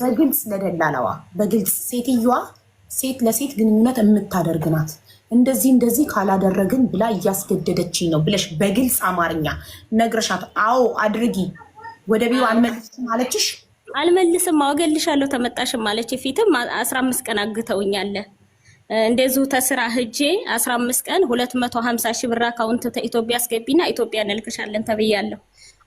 በግልጽ ለደላላዋ በግልጽ ሴትዮዋ ሴት ለሴት ግንኙነት የምታደርግ ናት። እንደዚህ እንደዚህ ካላደረግን ብላ እያስገደደችኝ ነው ብለሽ በግልጽ አማርኛ ነግረሻት፣ አዎ አድርጊ ወደ ቢሮ አልመልስም አለችሽ? አልመልስም አወገልሻለሁ ተመጣሽም አለች። ፊትም አስራ አምስት ቀን አግተውኛለ እንደዚሁ ተስራ ህጄ አስራ አምስት ቀን ሁለት መቶ ሀምሳ ሺህ ብር አካውንት ኢትዮጵያ አስገቢና ኢትዮጵያ እንልክሻለን ተብያለሁ።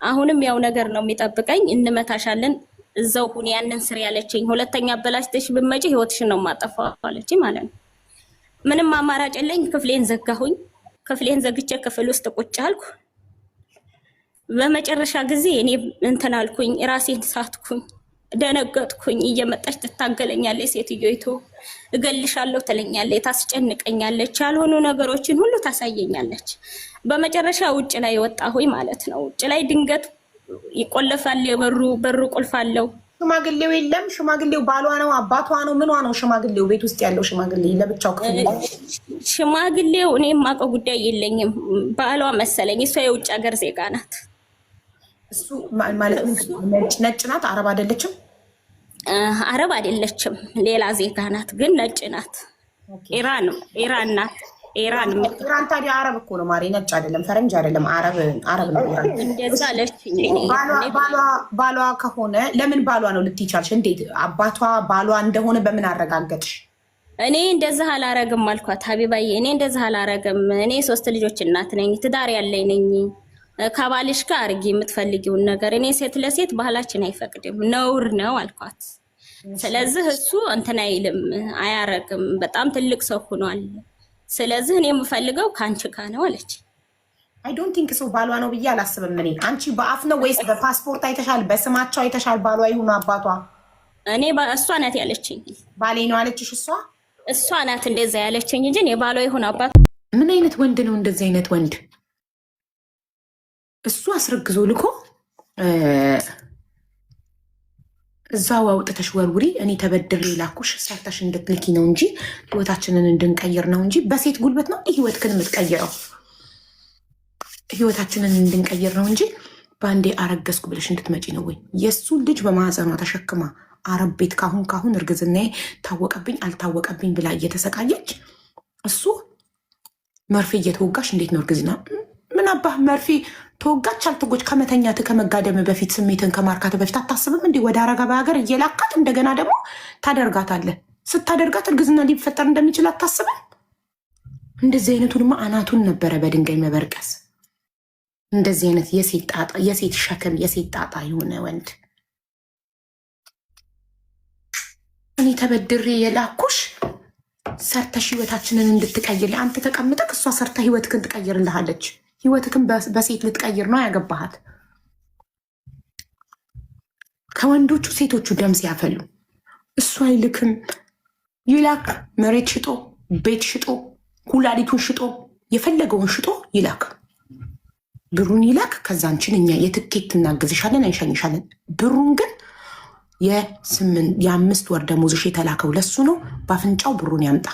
አሁንም ያው ነገር ነው የሚጠብቀኝ። እንመታሻለን እዛው ሁን ያንን ስር ያለችኝ። ሁለተኛ አበላሽተሽ ብትመጪ ህይወትሽን ነው የማጠፋው አለችኝ ማለት ነው። ምንም አማራጭ የለኝ። ክፍሌን ዘጋሁኝ። ክፍሌን ዘግቼ ክፍል ውስጥ ቁጭ አልኩ። በመጨረሻ ጊዜ እኔ እንትን አልኩኝ፣ ራሴን ሳትኩኝ፣ ደነገጥኩኝ። እየመጣች ትታገለኛለች፣ ሴትዮይቱ እገልሻለሁ ትለኛለች፣ ታስጨንቀኛለች፣ ያልሆኑ ነገሮችን ሁሉ ታሳየኛለች። በመጨረሻ ውጭ ላይ ወጣሁኝ ማለት ነው። ውጭ ላይ ድንገት ይቆለፋል። የበሩ በሩ ቁልፍ አለው። ሽማግሌው የለም። ሽማግሌው ባሏ ነው፣ አባቷ ነው፣ ምኗ ነው? ሽማግሌው ቤት ውስጥ ያለው ሽማግሌ ለብቻው ክፍል ሽማግሌው እኔ የማውቀው ጉዳይ የለኝም። ባሏ መሰለኝ። እሷ የውጭ ሀገር ዜጋ ናት። እሱ ማለት ነጭ ናት። አረብ አይደለችም። አረብ አይደለችም። ሌላ ዜጋ ናት፣ ግን ነጭ ናት። ኢራን ኢራን ናት። ኢራን ታዲያ አረብ እኮ ነው ማሬ፣ ነጭ አይደለም፣ ፈረንጅ አይደለም፣ አረብ አረብ ነው። ባሏ ከሆነ ለምን ባሏ ነው ልትይቻልሽ? እንዴት አባቷ ባሏ እንደሆነ በምን አረጋገጥሽ? እኔ እንደዚህ አላረግም አልኳት። ሀቢባዬ እኔ እንደዚህ አላረግም። እኔ ሶስት ልጆች እናት ነኝ፣ ትዳር ያለኝ ነኝ። ከባልሽ ጋር አርጊ የምትፈልጊውን ነገር። እኔ ሴት ለሴት ባህላችን አይፈቅድም፣ ነውር ነው አልኳት። ስለዚህ እሱ እንትን አይልም፣ አያረግም። በጣም ትልቅ ሰው ሆኗል። ስለዚህ እኔ የምፈልገው ከአንቺ ጋ ነው አለች። አይ ዶንት ቲንክ ሰው ባሏ ነው ብዬ አላስብም። እኔ አንቺ በአፍ ነው ወይስ በፓስፖርት አይተሻል? በስማቸው አይተሻል? ባሏ ይሁኑ አባቷ። እኔ እሷ ናት ያለችኝ። ባሌ ነው አለችሽ? እሷ እሷ ናት እንደዛ ያለችኝ እንጂ እኔ ባሏ ይሁን አባቷ። ምን አይነት ወንድ ነው እንደዚህ አይነት ወንድ? እሱ አስረግዞ ልኮ እዛው አውጥተሽ ወርውሪ። እኔ ተበድር ላኩሽ ሰርተሽ እንድትልኪ ነው እንጂ ህይወታችንን እንድንቀይር ነው እንጂ በሴት ጉልበት ነው ህይወት ግን የምትቀይረው ህይወታችንን እንድንቀይር ነው እንጂ በአንዴ አረገዝኩ ብለሽ እንድትመጪ ነው ወይ? የእሱ ልጅ በማዕፀኗ ተሸክማ አረብ ቤት ካሁን ካሁን እርግዝናዬ ታወቀብኝ አልታወቀብኝ ብላ እየተሰቃየች እሱ መርፌ እየተወጋሽ እንዴት ነው እርግዝና? ምን አባህ መርፌ ተወጋች አልተጎች ከመተኛት ከመጋደም በፊት ስሜትን ከማርካት በፊት አታስብም እንዲህ ወደ አረጋ በሀገር እየላካት እንደገና ደግሞ ታደርጋታለህ። ስታደርጋት እርግዝና ሊፈጠር እንደሚችል አታስብም። እንደዚህ አይነቱንማ አናቱን ነበረ በድንጋይ መበርቀስ። እንደዚህ አይነት የሴት ሸክም የሴት ጣጣ የሆነ ወንድ እኔ ተበድሬ የላኩሽ ሰርተሽ ህይወታችንን እንድትቀይር አንተ ተቀምጠ እሷ ሰርታ ህይወትህን ትቀይርልሃለች። ህይወትክም በሴት ልትቀይር ነው ያገባሃት። ከወንዶቹ ሴቶቹ ደም ሲያፈሉ እሱ አይልክም። ይላክ መሬት ሽጦ ቤት ሽጦ ኩላሊቱን ሽጦ የፈለገውን ሽጦ ይላክ፣ ብሩን ይላክ። ከዛ እኛ የትኬት እናግዝሻለን፣ እንሸኝሻለን። ብሩን ግን የአምስት ወር ደሞዝሽ የተላከው ለሱ ነው። በአፍንጫው ብሩን ያምጣ።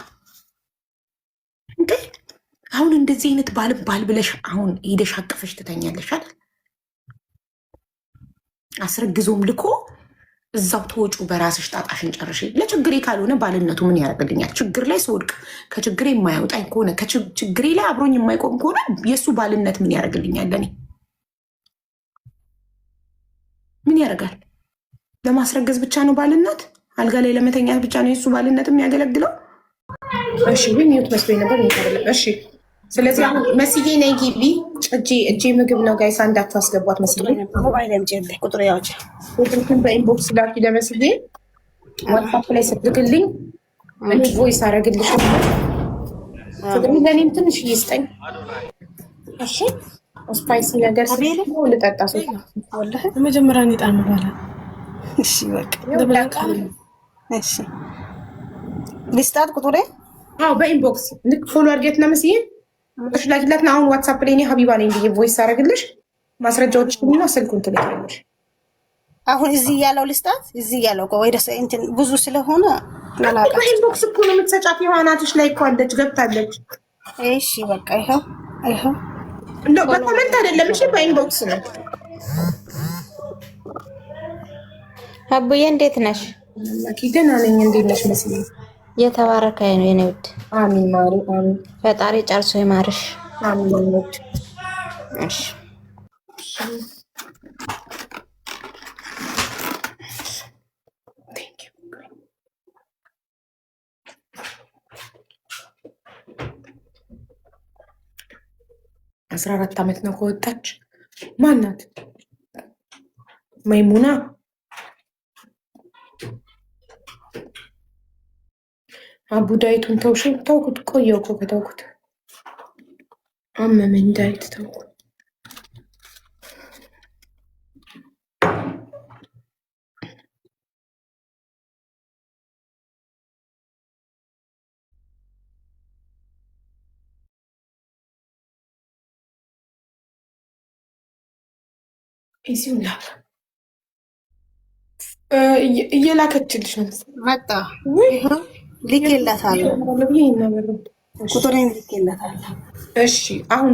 አሁን እንደዚህ አይነት ባል ባል ብለሽ አሁን ሄደሽ አቅፈሽ ትተኛለሽ አይደል? አስረግዞም ልኮ እዛው ተወጩ በራስሽ ጣጣሽን ጨርሽ። ለችግሬ ካልሆነ ባልነቱ ምን ያደርግልኛል? ችግር ላይ ስወድቅ ከችግሬ የማያወጣኝ ከሆነ ችግሬ ላይ አብሮኝ የማይቆም ከሆነ የእሱ ባልነት ምን ያደርግልኛል? ለኔ ምን ያደርጋል? ለማስረገዝ ብቻ ነው ባልነት? አልጋ ላይ ለመተኛት ብቻ ነው የእሱ ባልነት የሚያገለግለው? እሺ፣ ግን ይኸው ነበር። እሺ ስለዚህ አሁን መስዬ ነይ ግቢ። እጄ እጄ ምግብ ነው ጋይስ፣ አንዳችሁ አስገቧት። መስዬ ቁጥሩን በኢንቦክስ ላኪ ለመስዬ ዋትሳፕ ላይ ስልክልኝ ቮይስ አረግልሽ። ፍቅሪ ለእኔም ትንሽ ይስጠኝ እሺ። ስፓይሲ ነገር ልጠጣ ሰው መጀመሪያ እኔ ጣም ባላ ሊስጣት ቁጥሬ በኢንቦክስ ልክ ፎሎ አድርጌት ለመስዬ ሽላኪላት ላኪላትና አሁን ዋትሳፕ ላይ እኔ ሀቢባ ነኝ ብዬ ቮይስ አደረግልሽ ማስረጃዎች ና ስልኩን ትልክልሽ። አሁን እዚህ ያለው ልስጣት እዚህ ያለው ወይ እንትን ብዙ ስለሆነ ኢንቦክስ እኮ ነው የምትሰጫት። የዋናትሽ ላይ እኮ አለች ገብታለች። እሺ በቃ ይኸው ይኸው እንደው በኮመንት አይደለም እሺ፣ በኢንቦክስ ነው። አቡዬ እንዴት ነሽ? ደህና ነኝ። እንዴት ነሽ መስሎኝ የተባረከ ነው የኔ ውድ። አሚን ማሪ አሚን። ፈጣሪ ጨርሶ ይማርሽ። አሚን ውድ። እሺ አስራ አራት ዓመት ነው ከወጣች ማናት? መይሙና አቡዳይቱን ተውሽ? ተውኩት። ቆየው እኮ ከተውኩት አመመኝ። ዳይት ተውኩ። እየላከችልሽ ነው መጣ ልኬላታለሁ ቁጥሬን ልኬላታለሁ። እሺ አሁን